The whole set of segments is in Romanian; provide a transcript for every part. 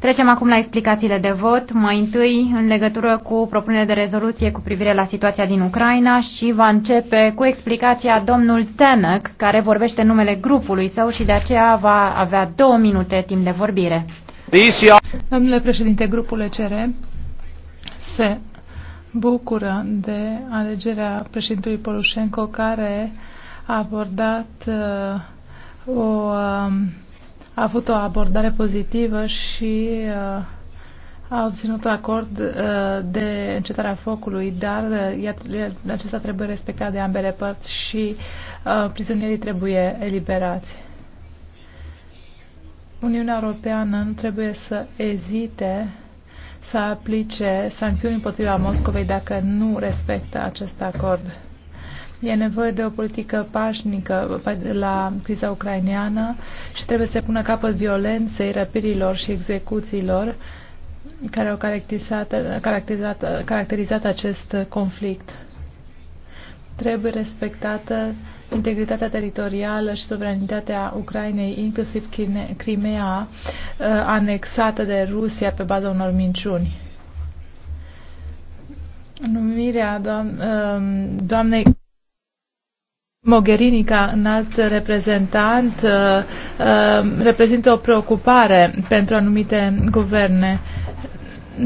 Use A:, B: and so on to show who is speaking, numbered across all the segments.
A: Trecem acum la explicațiile de vot. Mai întâi,
B: în legătură cu propunerea de rezoluție cu privire la situația din Ucraina și va începe cu explicația domnul Tenek, care vorbește numele grupului său și de aceea va avea două minute timp de vorbire. Domnule președinte, grupul ECR se bucură de alegerea președintelui Polușenco care a abordat uh, o... Uh, a avut o abordare pozitivă și uh, a obținut un acord uh, de încetarea focului, dar uh, acesta trebuie respectat de ambele părți și uh, prizonierii trebuie eliberați. Uniunea Europeană nu trebuie să ezite să aplice sancțiuni împotriva Moscovei dacă nu respectă acest acord. E nevoie de o politică pașnică la criza ucraineană și trebuie să se pună capăt violenței, răpirilor și execuțiilor care au caracterizat, caracterizat, caracterizat acest conflict. Trebuie respectată integritatea teritorială și suveranitatea Ucrainei, inclusiv Crimea, uh, anexată de Rusia pe baza unor minciuni. Numirea doam, uh, doamnei Mogherini, ca înalt reprezentant, uh, uh, reprezintă o preocupare pentru anumite guverne.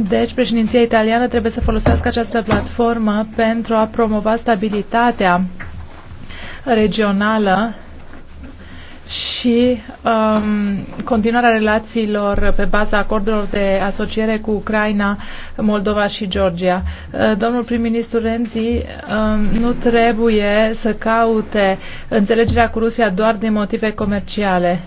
B: Deci, președinția italiană trebuie să folosească această platformă pentru a promova stabilitatea regională și um, continuarea relațiilor pe baza acordurilor de asociere cu Ucraina, Moldova și Georgia. Uh, domnul prim-ministru Renzi um, nu trebuie să caute înțelegerea cu Rusia doar din motive comerciale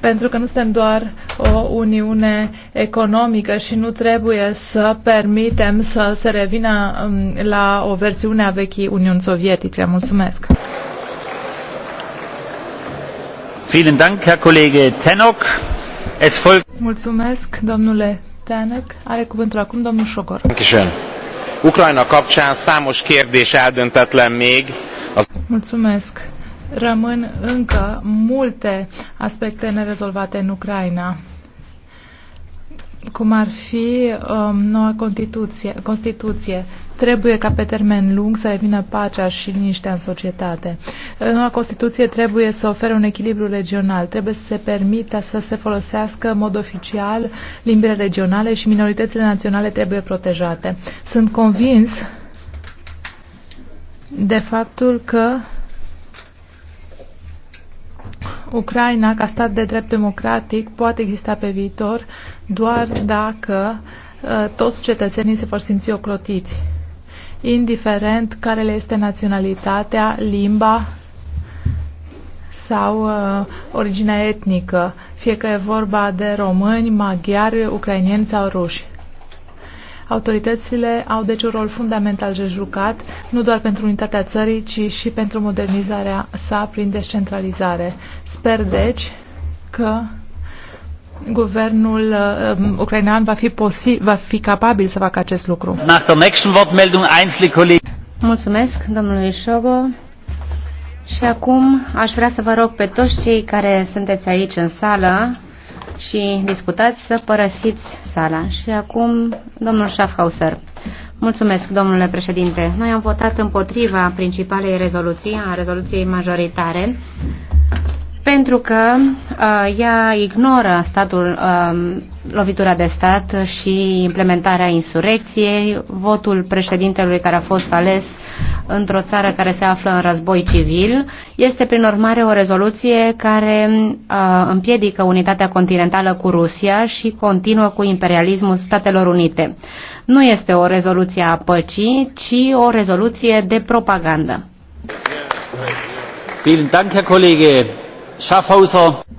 B: pentru că nu suntem doar o uniune economică și nu trebuie să permitem să se revină um, la o versiune a vechii Uniuni Sovietice. Mulțumesc! Vielen Dank, Herr Kollege Tenok. Es folgt... Mulțumesc, domnule Tenok. Are cuvântul acum domnul Sogor.
C: Ucraina kapcsán számos kérdés eldöntetlen még.
B: Mulțumesc. Rămân încă multe aspecte nerezolvate în Ucraina cum ar fi um, noua Constituție, Constituție. Trebuie ca pe termen lung să revină pacea și liniștea în societate. Noua Constituție trebuie să ofere un echilibru regional. Trebuie să se permită să se folosească în mod oficial limbile regionale și minoritățile naționale trebuie protejate. Sunt convins de faptul că Ucraina, ca stat de drept democratic, poate exista pe viitor doar dacă uh, toți cetățenii se vor simți oclotiți, indiferent care le este naționalitatea, limba sau uh, originea etnică, fie că e vorba de români, maghiari, ucrainieni sau ruși. Autoritățile au deci un rol fundamental de jucat, nu doar pentru unitatea țării, ci și pentru modernizarea sa prin descentralizare. Sper deci că guvernul uh, ucrainean va fi, posi- va fi capabil să facă acest lucru. Mulțumesc, domnului
A: Șogo. Și acum aș vrea să vă rog pe toți cei care sunteți aici în sală și disputați să părăsiți sala. Și acum, domnul Schaffhauser. Mulțumesc, domnule președinte. Noi am votat împotriva principalei rezoluții, a rezoluției majoritare, pentru că uh, ea ignoră statul uh, lovitura de stat și implementarea insurecției, votul președintelui care a fost ales într-o țară care se află în război civil, este prin urmare o rezoluție care uh, împiedică unitatea continentală cu Rusia și continuă cu imperialismul Statelor Unite. Nu este o rezoluție a păcii, ci o rezoluție de propagandă.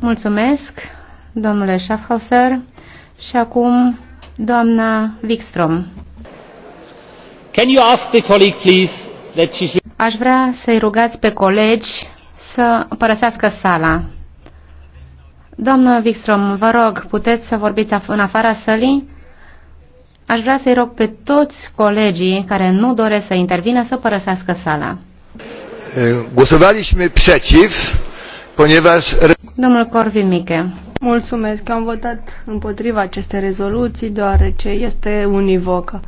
A: Mulțumesc, domnule Schaffhauser. Și acum, doamna Wikström. Can you ask the colleague, please, that she should... Aș vrea să-i rugați pe colegi să părăsească sala. Doamna Wikström, vă rog, puteți să vorbiți în afara sălii? Aș vrea să-i rog pe toți colegii care nu doresc să intervină să părăsească sala.
C: Głosowaliśmy przeciw, ponieważ... Domnul Corvin Miche, Mulțumesc. Am votat împotriva acestei rezoluții deoarece este univocă.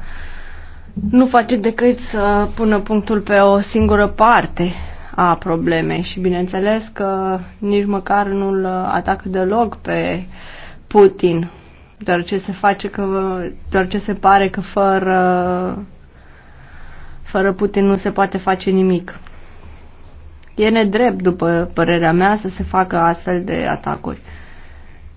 C: Nu face decât să pună punctul pe o singură parte a problemei și bineînțeles că nici măcar nu-l atacă deloc pe Putin, doar ce se face că, doar ce se pare că fără, fără Putin nu se poate face nimic. E nedrept, după părerea mea, să se facă astfel de atacuri.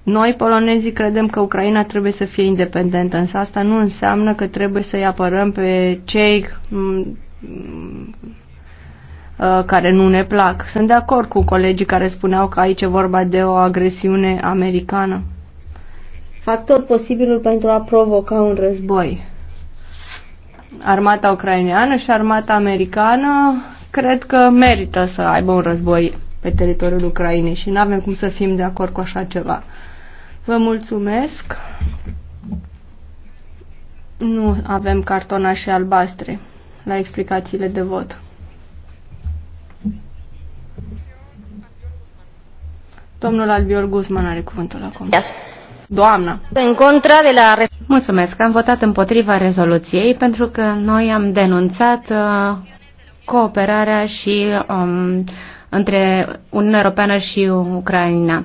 C: Noi, polonezii, credem că Ucraina trebuie să fie independentă, însă asta nu înseamnă că trebuie să-i apărăm pe cei uh, care nu ne plac. Sunt de acord cu colegii care spuneau că aici e vorba de o agresiune americană. Fac tot posibilul pentru a provoca un război. Armata ucraineană și armata americană cred că merită să aibă un război pe teritoriul Ucrainei și nu avem cum să fim de acord cu așa ceva. Vă mulțumesc. Nu avem cartonașe albastre la explicațiile de vot. Domnul Albior Guzman are cuvântul acum. Yes. Doamna. În contra de la... Mulțumesc. Am votat
A: împotriva rezoluției pentru că noi am denunțat uh, cooperarea și um, între Uniunea Europeană și Ucraina.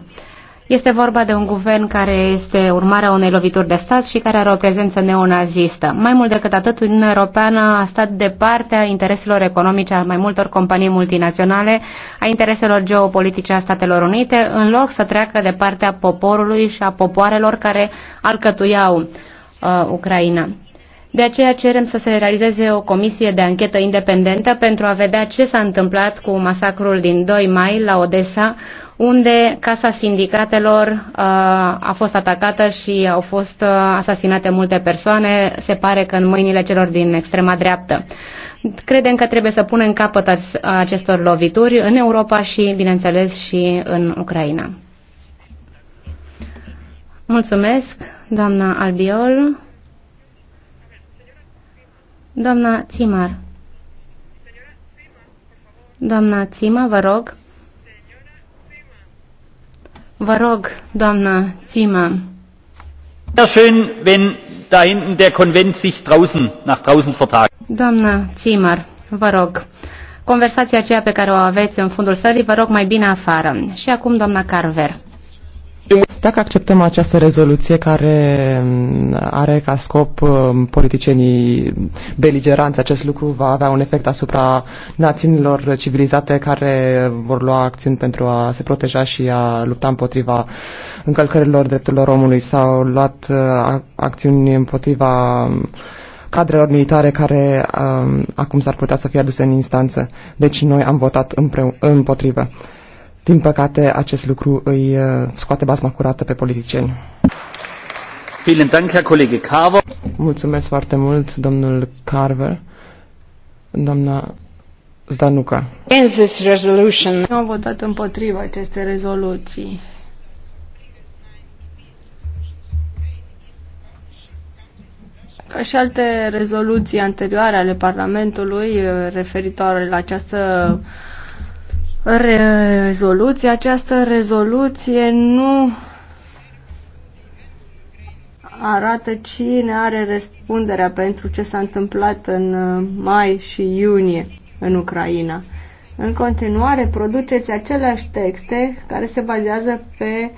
A: Este vorba de un guvern care este urmarea unei lovituri de stat și care are o prezență neonazistă. Mai mult decât atât, Uniunea Europeană a stat de partea intereselor economice a mai multor companii multinaționale, a intereselor geopolitice a Statelor Unite, în loc să treacă de partea poporului și a popoarelor care alcătuiau uh, Ucraina. De aceea cerem să se realizeze o comisie de anchetă independentă pentru a vedea ce s-a întâmplat cu masacrul din 2 mai la Odessa, unde casa sindicatelor uh, a fost atacată și au fost uh, asasinate multe persoane, se pare că în mâinile celor din extrema dreaptă. Credem că trebuie să punem capăt acestor lovituri în Europa și, bineînțeles, și în Ucraina. Mulțumesc, doamna Albiol. Doamna Țimar. Doamna Țima, vă rog. Vă rog, doamna Țima.
B: Sehr schön, wenn da hinten der Konvent sich draußen, nach draußen vertagt.
A: Doamna Țimar, vă rog. Conversația aceea pe care o aveți în fundul sălii, vă rog mai bine afară. Și acum, doamna Carver.
D: Dacă acceptăm această rezoluție care mm, are ca scop mm, politicienii beligeranți, acest lucru va avea un efect asupra națiunilor civilizate care vor lua acțiuni pentru a se proteja și a lupta împotriva încălcărilor drepturilor omului. sau luat uh, acțiuni împotriva mm, cadrelor militare care acum s-ar putea să fie aduse în instanță. Deci noi am votat împotrivă. Din păcate, acest lucru îi uh, scoate basma curată pe politicieni. Mulțumesc foarte mult, domnul Carver. Doamna Zdanuca.
C: Nu am votat împotriva acestei rezoluții. Ca și alte rezoluții anterioare ale Parlamentului uh, referitoare la această rezoluție. Această rezoluție nu arată cine are răspunderea pentru ce s-a întâmplat în uh, mai și iunie în Ucraina. În continuare, produceți aceleași texte care se bazează pe uh,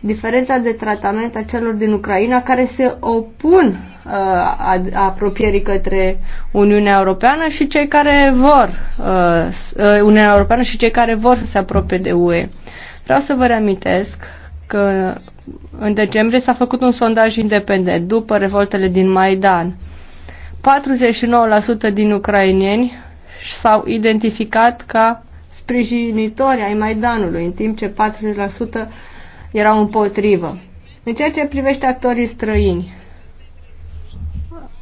C: diferența de tratament a celor din Ucraina care se opun uh, a, a apropierii către Uniunea Europeană și cei care vor uh, uh, Uniunea Europeană și cei care vor să se apropie de UE. Vreau să vă reamintesc că în decembrie s-a făcut un sondaj independent după revoltele din Maidan. 49% din ucrainieni s-au identificat ca sprijinitori ai Maidanului, în timp ce 40% erau împotrivă. În ceea ce privește actorii străini,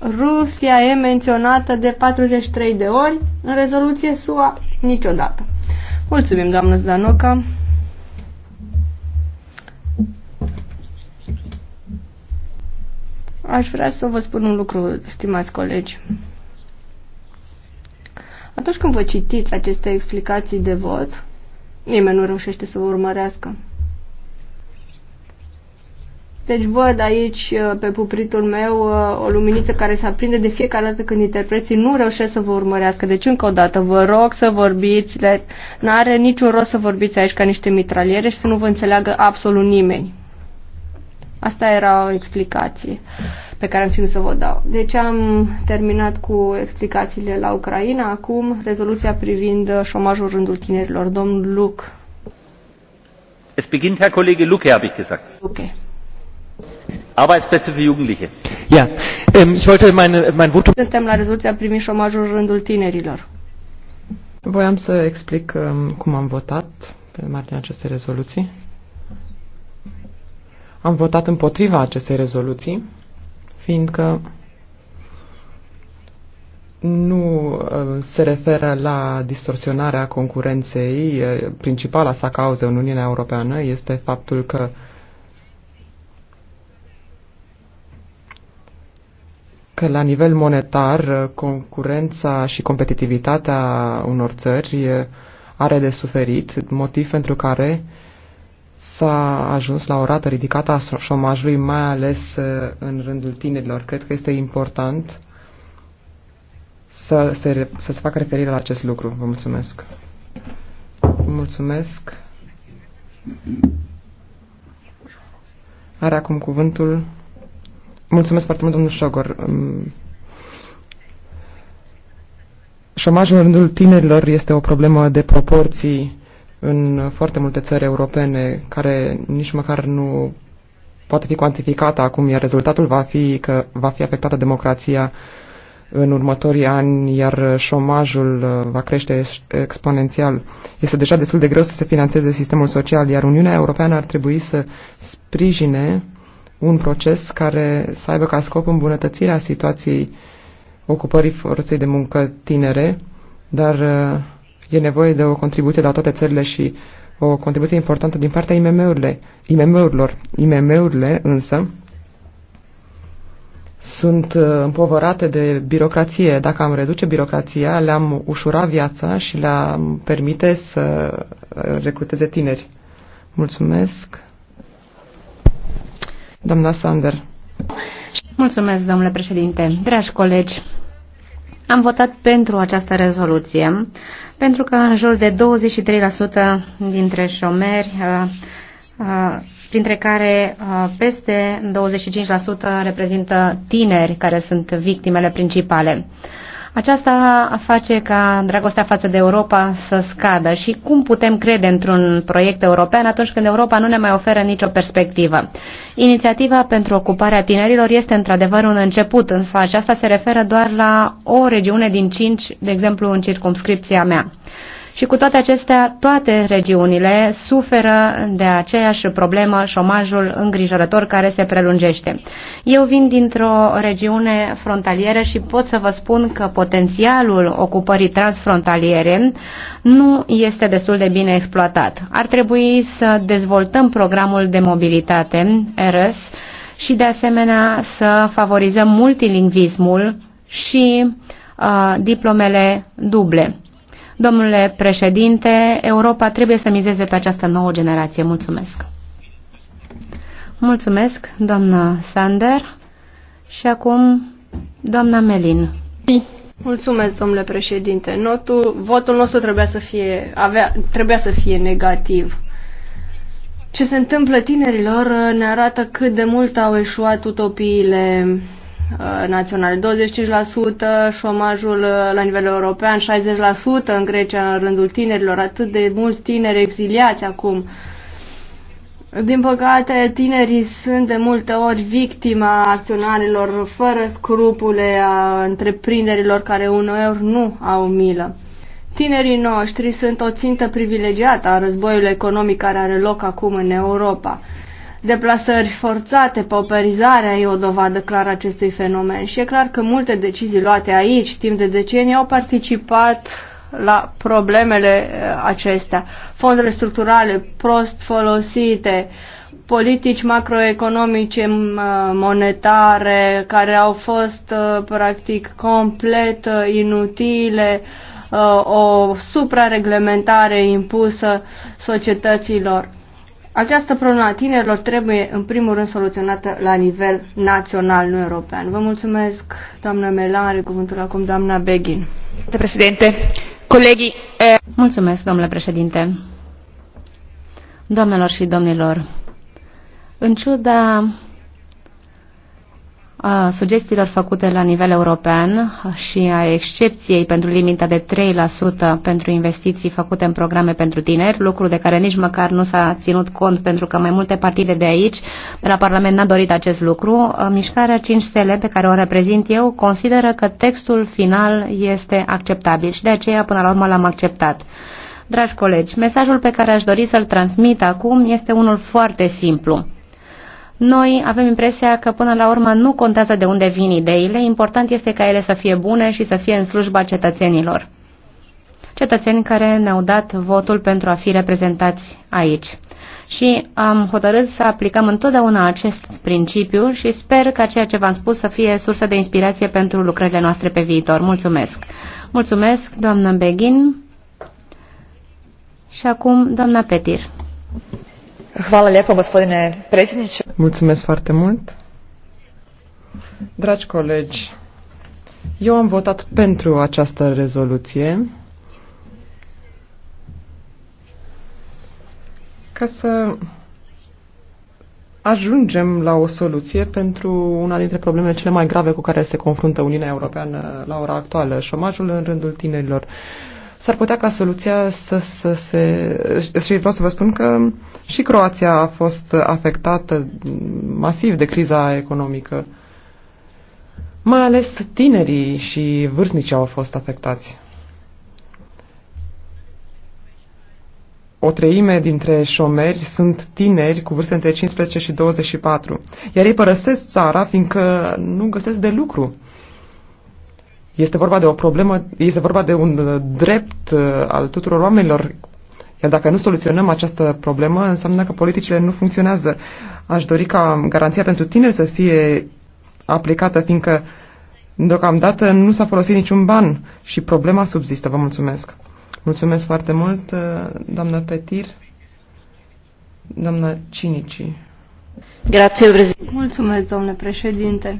C: Rusia e menționată de 43 de ori, în rezoluție SUA niciodată. Mulțumim, doamnă Zdanoca. Aș vrea să vă spun un lucru, stimați colegi. Atunci când vă citiți aceste explicații de vot, nimeni nu reușește să vă urmărească. Deci văd aici uh, pe pupritul meu uh, o luminiță care se aprinde de fiecare dată când interpreții nu reușesc să vă urmărească. Deci încă o dată vă rog să vorbiți, Nu are niciun rost să vorbiți aici ca niște mitraliere și să nu vă înțeleagă absolut nimeni. Asta era o explicație pe care am ținut să vă dau. Deci am terminat cu explicațiile la Ucraina. Acum rezoluția privind uh, șomajul rândul tinerilor. Domnul Luc.
B: Es beginnt Herr Kollege Luke, habe ich gesagt. Okay. Arbeitsplätze für Jugendliche. Ja, yeah.
C: Ähm, ich
D: wollte meine, mein votum... Suntem
C: la rezoluția privind șomajul în rândul tinerilor.
D: Voiam să explic um, cum am votat pe marginea acestei rezoluții. Am votat împotriva acestei rezoluții, fiindcă nu um, se referă la distorsionarea concurenței. Principala sa cauză în Uniunea Europeană este faptul că uh, că la nivel monetar concurența și competitivitatea unor țări are de suferit, motiv pentru care s-a ajuns la o rată ridicată a șomajului, mai ales în rândul tinerilor. Cred că este important să se, să se facă referire la acest lucru. Vă mulțumesc. Mulțumesc. Are acum cuvântul Mulțumesc foarte mult, domnul Șogor. Um, șomajul în rândul tinerilor este o problemă de proporții în foarte multe țări europene, care nici măcar nu poate fi cuantificată acum, iar rezultatul va fi că va fi afectată democrația în următorii ani, iar șomajul uh, va crește exponențial. Este deja destul de greu să se financeze sistemul social, iar Uniunea Europeană ar trebui să sprijine un proces care să aibă ca scop îmbunătățirea situației ocupării forței de muncă tinere, dar uh, e nevoie de o contribuție de la toate țările și o contribuție importantă din partea IMM-urile, IMM-urilor. IMM-urile însă sunt uh, împovărate de birocrație. Dacă am reduce birocrația, le-am ușura viața și le-am permite să uh, recruteze tineri. Mulțumesc. Doamna Sander.
A: Mulțumesc, domnule președinte. Dragi colegi, am votat pentru această rezoluție pentru că în jur de 23% dintre șomeri uh, uh, printre care uh, peste 25% reprezintă tineri care sunt victimele principale. Aceasta face ca dragostea față de Europa să scadă și cum putem crede într-un proiect european atunci când Europa nu ne mai oferă nicio perspectivă. Inițiativa pentru ocuparea tinerilor este într-adevăr un început, însă aceasta se referă doar la o regiune din cinci, de exemplu în circumscripția mea. Și cu toate acestea, toate regiunile suferă de aceeași problemă, șomajul îngrijorător care se prelungește. Eu vin dintr-o regiune frontalieră și pot să vă spun că potențialul ocupării transfrontaliere nu este destul de bine exploatat. Ar trebui să dezvoltăm programul de mobilitate Eres și de asemenea să favorizăm multilingvismul și uh, diplomele duble. Domnule președinte, Europa trebuie să mizeze pe această nouă generație. Mulțumesc! Mulțumesc, doamna Sander. Și acum, doamna Melin.
C: Mulțumesc, domnule președinte. Notul, votul nostru trebuia să fie, avea, trebuia să fie negativ. Ce se întâmplă tinerilor uh, ne arată cât de mult au eșuat utopiile uh, naționale. 25% șomajul uh, la nivel european, 60% în Grecia în rândul tinerilor, atât de mulți tineri exiliați acum. Din păcate, tinerii sunt de multe ori victima acționarilor fără scrupule a întreprinderilor care uneori nu au milă. Tinerii noștri sunt o țintă privilegiată a războiului economic care are loc acum în Europa. Deplasări forțate, pauperizarea e o dovadă clară acestui fenomen și e clar că multe decizii luate aici timp de decenii au participat la problemele eh, acestea. Fondurile structurale prost folosite, politici macroeconomice eh, monetare care au fost eh, practic complet inutile, uh, Uh, o suprareglementare impusă societăților. Această problemă a tinerilor trebuie, în primul rând, soluționată la nivel național, nu european. Vă mulțumesc, doamna Melan, are cuvântul acum doamna Beghin. Președinte, colegii... e... Eh,
A: mulțumesc, domnule președinte. Doamnelor și domnilor, în ciuda a sugestiilor făcute la nivel european și a excepției pentru limita de 3% pentru investiții făcute în programe pentru tineri, lucru de care nici măcar nu s-a ținut cont pentru că mai multe partide de aici, de la Parlament, n-a dorit acest lucru, mișcarea 5 stele pe care o reprezint eu consideră că textul final este acceptabil și de aceea până la urmă l-am acceptat. Dragi colegi, mesajul pe care aș dori să-l transmit acum este unul foarte simplu. Noi avem impresia că până la urmă nu contează de unde vin ideile, important este ca ele să fie bune și să fie în slujba cetățenilor. Cetățeni care ne-au dat votul pentru a fi reprezentați aici. Și am hotărât să aplicăm întotdeauna acest principiu și sper ca ceea ce v-am spus să fie sursă de inspirație pentru lucrările noastre pe viitor. Mulțumesc! Mulțumesc, doamnă Beghin. Și acum, doamna Petir gospodine
D: predsjedniče. Mulțumesc foarte mult. Dragi colegi, eu am votat pentru această rezoluție ca să ajungem la o soluție pentru una dintre problemele cele mai grave cu care se confruntă Uniunea Europeană la ora actuală, șomajul în rândul tinerilor. Uh, s-ar putea ca soluția să, să se... Și vreau să vă spun că și Croația a fost afectată masiv de criza economică. Mai ales tinerii și vârstnicii au fost afectați. O treime dintre șomeri sunt tineri cu vârste între 15 și 24, iar ei părăsesc țara fiindcă nu găsesc de lucru. Este vorba de o problemă, este vorba de un uh, drept uh, al tuturor oamenilor. Iar dacă nu soluționăm această problemă, înseamnă că politicile nu funcționează. Aș dori ca garanția pentru tineri să fie aplicată, fiindcă deocamdată nu s-a folosit niciun ban și problema subzistă. Vă mulțumesc. Mulțumesc foarte mult, uh, doamnă Petir, doamna Cinici.
C: Grazie, Mulțumesc, domnule președinte.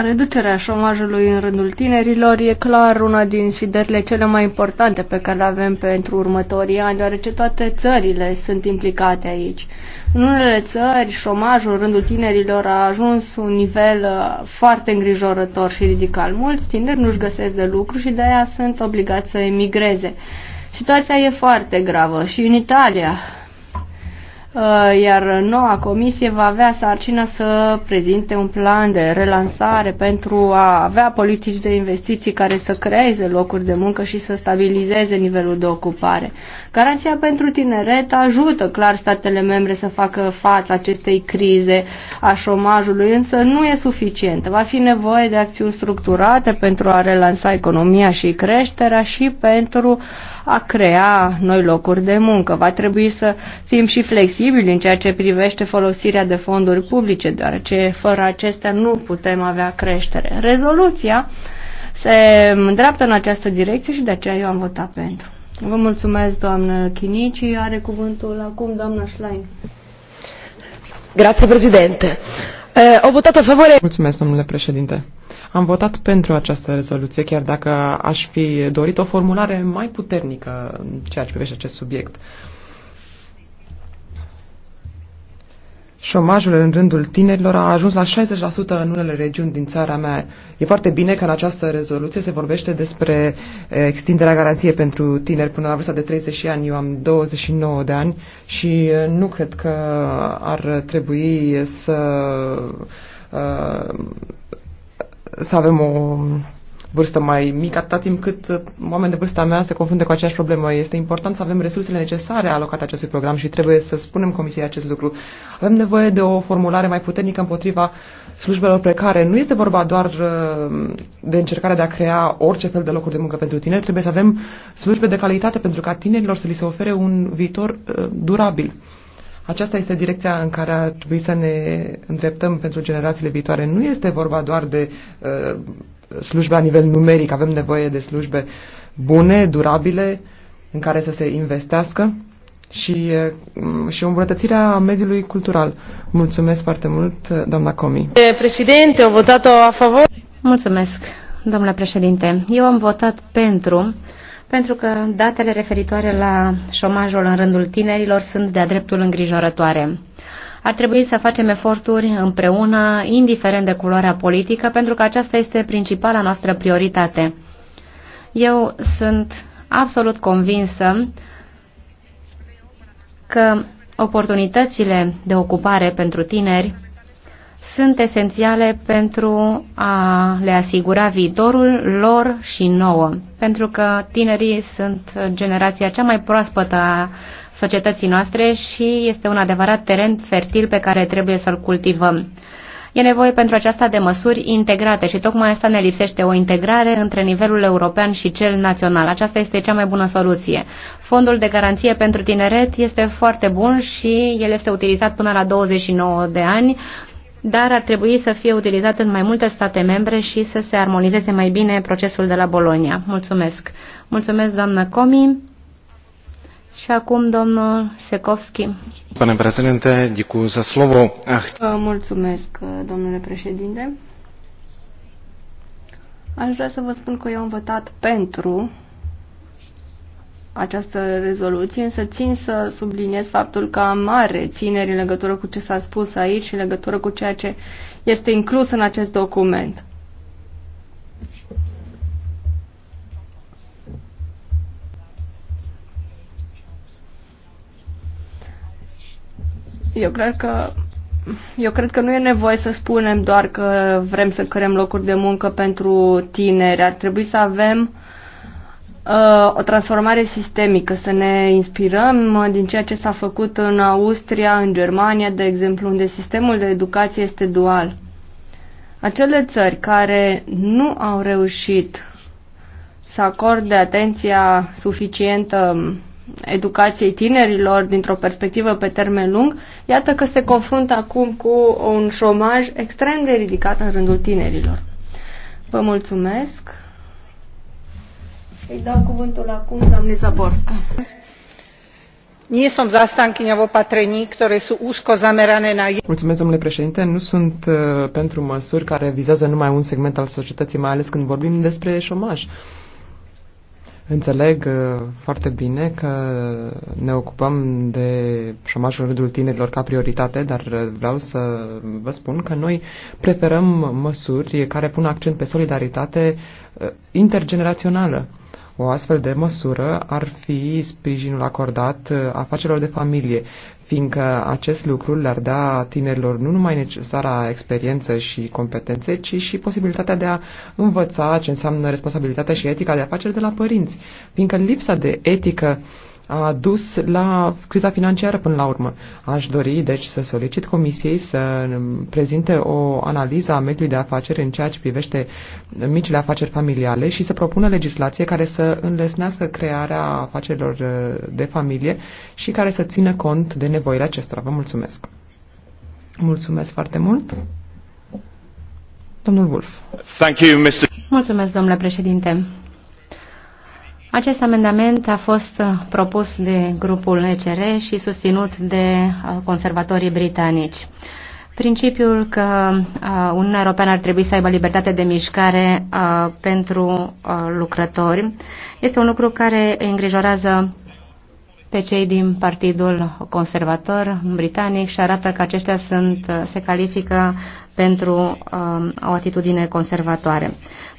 C: Reducerea șomajului în rândul tinerilor e clar una din sfidările cele mai importante pe care le avem pentru următorii ani, deoarece toate țările sunt implicate aici. În unele țări, șomajul în rândul tinerilor a ajuns un nivel uh, foarte îngrijorător și ridical. Mulți tineri nu-și găsesc de lucru și de aia sunt obligați să emigreze. Situația e foarte gravă și în Italia Uh, iar noua comisie va avea sarcina să prezinte un plan de relansare pentru a avea politici de investiții care să creeze locuri de muncă și să stabilizeze nivelul de ocupare. Garanția pentru tineret ajută clar statele membre să facă față acestei crize a șomajului, însă nu e suficientă. Va fi nevoie de acțiuni structurate pentru a relansa economia și creșterea și pentru a crea noi locuri de muncă. Va trebui să fim și flexibili flexibil în ceea ce privește folosirea de fonduri publice, deoarece fără acestea nu putem avea creștere. Rezoluția se îndreaptă în această direcție și de aceea eu am votat pentru. Vă mulțumesc, doamnă Chinici. Are cuvântul acum doamna Schlein.
D: Grazie, președinte. Uh, eh, o votat în favoare. Mulțumesc, domnule președinte. Am votat pentru această rezoluție, chiar dacă aș fi dorit o formulare mai puternică în ceea ce privește acest subiect. Uh, Șomajul în rândul tinerilor a ajuns la 60% în unele regiuni din țara mea. E foarte bine că în această rezoluție se vorbește despre eh, extinderea garanției pentru tineri până la vârsta de 30 ani. Eu am 29 de ani și eh, nu cred că ar trebui să, eh, să avem o vârstă mai mică, atâta timp cât uh, oameni de vârsta mea se confruntă cu aceeași problemă. Este important să avem resursele necesare alocate acestui program și trebuie să spunem Comisiei acest lucru. Avem nevoie de o formulare mai puternică împotriva slujbelor precare. Nu este vorba doar uh, de încercarea de a crea orice fel de locuri de muncă pentru tine, trebuie să avem slujbe de calitate pentru ca tinerilor să li se ofere un viitor uh, durabil. Aceasta este direcția în care ar trebui să ne îndreptăm pentru generațiile viitoare. Nu este vorba doar de uh, slujbe la nivel numeric. Avem nevoie de slujbe bune, durabile, în care să se investească și, mm, și îmbunătățirea mediului cultural. Mulțumesc foarte mult, doamna Comi.
A: Președinte, am votat a favor. Mulțumesc, domnule președinte. Eu am votat pentru pentru că datele referitoare la șomajul în rândul tinerilor sunt de-a dreptul îngrijorătoare. Ar trebui să facem eforturi împreună, indiferent de culoarea politică, pentru că aceasta este principala noastră prioritate. Eu sunt absolut convinsă că oportunitățile de ocupare pentru tineri sunt esențiale pentru a le asigura viitorul lor și nouă, pentru că tinerii sunt generația cea mai proaspătă a societății noastre și este un adevărat teren fertil pe care trebuie să-l cultivăm. E nevoie pentru aceasta de măsuri integrate și tocmai asta ne lipsește o integrare între nivelul european și cel național. Aceasta este cea mai bună soluție. Fondul de garanție pentru tineret este foarte bun și el este utilizat până la 29 de ani, dar ar trebui să fie utilizat în mai multe state membre și să se armonizeze mai bine procesul de la Bolonia. Mulțumesc. Mulțumesc, doamnă Comi. Și acum domnul
C: Sekovski.
D: Pane președinte, za slovo.
C: Mulțumesc, domnule președinte. Aș vrea să vă spun că eu am votat pentru această rezoluție, însă țin să subliniez faptul că am mare țineri în legătură cu ce s-a spus aici și în legătură cu ceea ce este inclus în acest document. Eu cred că eu cred că nu e nevoie să spunem doar că vrem să creăm locuri de muncă pentru tineri. Ar trebui să avem uh, o transformare sistemică, să ne inspirăm din ceea ce s-a făcut în Austria, în Germania, de exemplu, unde sistemul de educație este dual. Acele țări care nu au reușit să acorde atenția suficientă educației tinerilor dintr-o perspectivă pe termen lung, iată că se confruntă acum cu un șomaj extrem de ridicat în rândul tinerilor. Vă mulțumesc. Îi dau cuvântul acum doamne Zaborska. Nie som
D: zastankyňa opatrení, ktoré sú úzko zamerané na... Mulțumesc, domnule președinte. Nu sunt uh, pentru măsuri care vizează numai un segment al societății, mai ales când vorbim despre șomaj. Uh, Înțeleg uh, foarte bine că ne ocupăm de șomajul rândul tinerilor ca prioritate, dar uh, vreau să vă spun că noi preferăm măsuri care pun accent pe solidaritate uh, intergenerațională. O astfel de măsură ar fi sprijinul acordat afacerilor de familie, fiindcă acest lucru le-ar da tinerilor nu numai necesara experiență și competențe, ci și posibilitatea de a învăța ce înseamnă responsabilitatea și etica de afaceri de la părinți, fiindcă lipsa de etică uh, a dus la criza financiară până la urmă. Aș dori, deci, să solicit Comisiei să prezinte o analiză a mediului de afaceri în ceea ce privește micile afaceri familiale și să propună legislație care să înlesnească crearea afacerilor uh, de familie și care să țină cont de nevoile acestora. Vă mulțumesc! Mulțumesc foarte mult! Domnul Wolf.
C: Thank you, Mr.
A: Mulțumesc, domnule președinte. Acest amendament a fost uh, propus de grupul ECR și susținut de uh, conservatorii britanici. Principiul că uh, Uniunea Europeană ar trebui să aibă libertate de mișcare pentru lucrători este un lucru care îngrijorează pe cei din Partidul Conservator Britanic și arată că aceștia sunt, se califică pentru o atitudine conservatoare.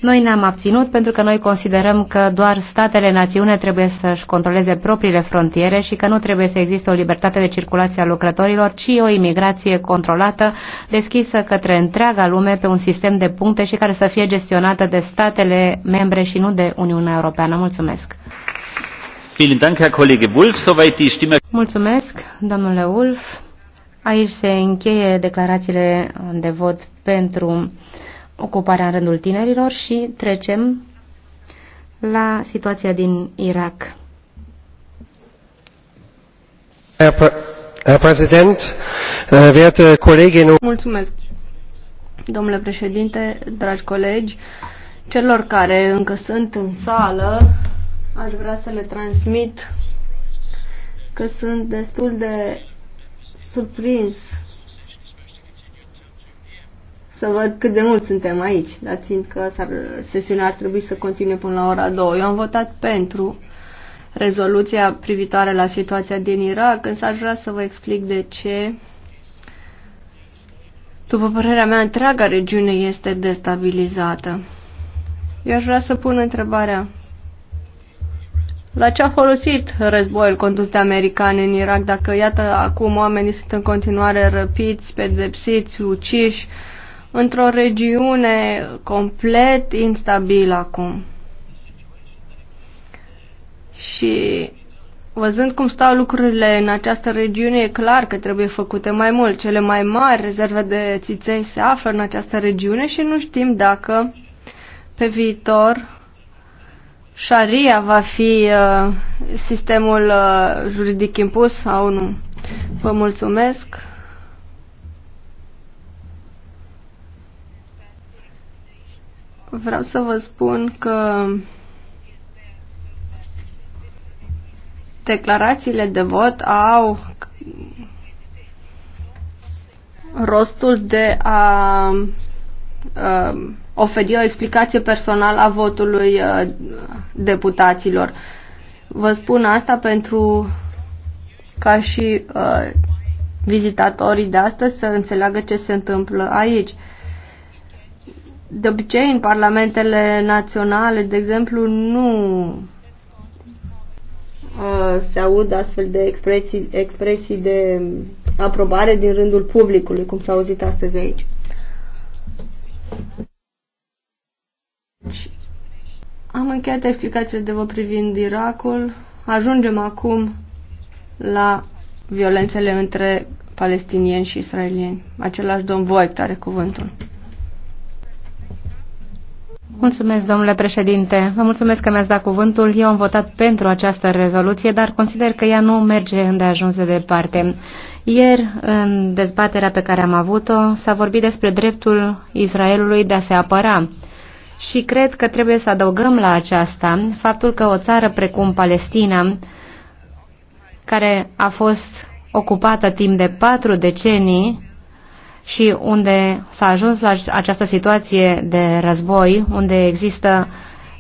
A: Noi ne-am abținut pentru că noi considerăm că doar statele națiune trebuie să-și controleze propriile frontiere și că nu trebuie să existe o libertate de circulație a lucrătorilor, ci o imigrație controlată, deschisă către întreaga lume pe un sistem de puncte și care să fie gestionată de statele membre și nu de Uniunea Europeană. Mulțumesc! Mulțumesc, domnule Wolf. Aici se încheie declarațiile de vot pentru ocuparea în rândul tinerilor și trecem la situația din Irak.
D: Äh,
C: Mulțumesc, domnule președinte, dragi colegi. Celor care încă sunt în sală, aș vrea să le transmit că sunt destul de surprins să văd cât de mult suntem aici, dar țin că sesiunea ar trebui să continue până la ora 2. Eu am votat pentru rezoluția privitoare la situația din Irak, însă aș vrea să vă explic de ce. După părerea mea, întreaga regiune este destabilizată. Eu aș vrea să pun întrebarea. La ce a folosit războiul condus de americani în Irak dacă, iată, acum oamenii sunt în continuare răpiți, pedepsiți, uciși, într-o regiune complet instabilă acum. Și văzând cum stau lucrurile în această regiune, e clar că trebuie făcute mai mult. Cele mai mari rezerve de țiței se află în această regiune și nu știm dacă pe viitor Sharia va fi uh, sistemul uh, juridic impus sau nu. Vă mulțumesc. Vreau să vă spun că declarațiile de vot au rostul de a uh, oferi o explicație personală a votului uh, deputaților. Vă spun asta pentru ca și uh, vizitatorii de astăzi să înțeleagă ce se întâmplă aici. De obicei, în parlamentele naționale, de exemplu, nu uh, se aud astfel de expresii, expresii de aprobare din rândul publicului, cum s-a auzit astăzi aici. Am încheiat explicațiile de vă privind Irakul. Ajungem acum la violențele între palestinieni și israelieni. Același domn Voigt are cuvântul.
A: Mulțumesc, domnule președinte. Vă mulțumesc că mi-ați dat cuvântul. Eu am votat pentru această rezoluție, dar consider că ea nu merge îndeajuns de departe. Ieri, în dezbaterea pe care am avut-o, s-a vorbit despre dreptul Israelului de a se apăra. Și cred că trebuie să adăugăm la aceasta faptul că o țară precum Palestina, care a fost ocupată timp de patru decenii, și unde s-a ajuns la această situație de război, unde există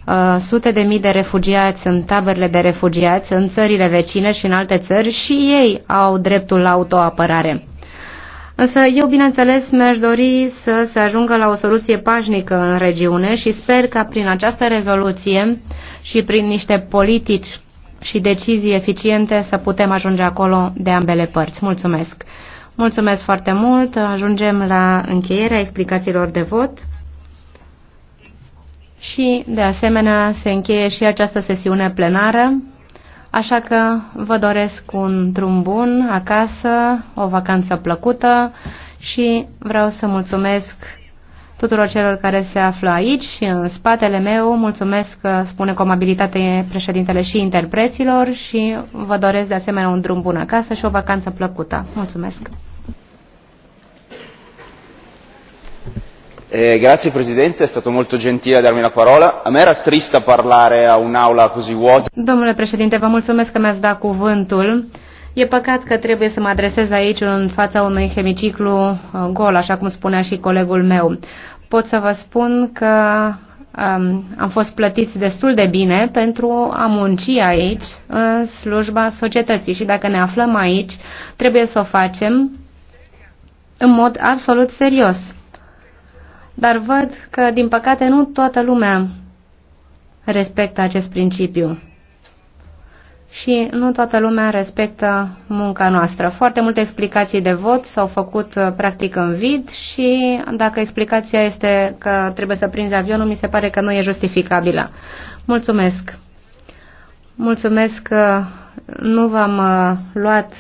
A: uh, sute de mii de refugiați în taberele de refugiați, în țările vecine și în alte țări, și ei au dreptul la autoapărare. Însă eu, bineînțeles, mi-aș dori să se ajungă la o soluție pașnică în regiune și sper că prin această rezoluție și prin niște politici și decizii eficiente să putem ajunge acolo de ambele părți. Mulțumesc! Mulțumesc foarte mult. Ajungem la încheierea explicațiilor de vot. Și, de asemenea, se încheie și această sesiune plenară. Așa că vă doresc un drum bun acasă, o vacanță plăcută și vreau să mulțumesc tuturor celor care se află aici și în spatele meu. Mulțumesc, uh, spune cu amabilitate președintele și interpreților și vă doresc de asemenea un drum bun acasă și o vacanță plăcută. Mulțumesc!
C: Eh, grazie Presidente, è stato molto gentile a darmi la parola. A me era triste parlare a un'aula così vuota.
A: Domnule Presidente, vă mulțumesc că mi-ați dat cuvântul. E păcat că trebuie să mă adresez aici în fața unui hemiciclu uh, gol, așa cum spunea și colegul meu pot să vă spun că um, am fost plătiți destul de bine pentru a munci aici, în slujba societății. Și dacă ne aflăm aici, trebuie să o facem în mod absolut serios. Dar văd că, din păcate, nu toată lumea respectă acest principiu și nu toată lumea respectă munca noastră. Foarte multe explicații de vot s-au făcut uh, practic în vid și dacă explicația este că trebuie să prinzi avionul, mi se pare că nu e justificabilă. Mulțumesc! Mulțumesc că nu v-am uh, luat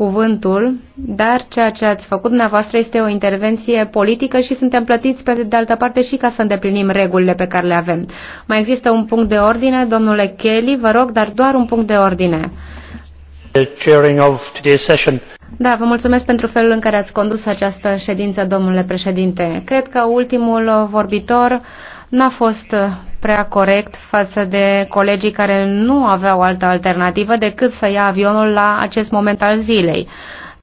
A: cuvântul, dar ceea ce ați făcut dumneavoastră este o intervenție politică și suntem plătiți pe de altă parte și ca să îndeplinim regulile pe care le avem. Mai există un punct de ordine, domnule Kelly, vă rog, dar doar un punct de ordine. Da, vă mulțumesc pentru felul în care ați condus această ședință, domnule președinte. Cred că ultimul vorbitor n-a fost uh, prea corect față de colegii care nu aveau altă alternativă decât să ia avionul la acest moment al zilei.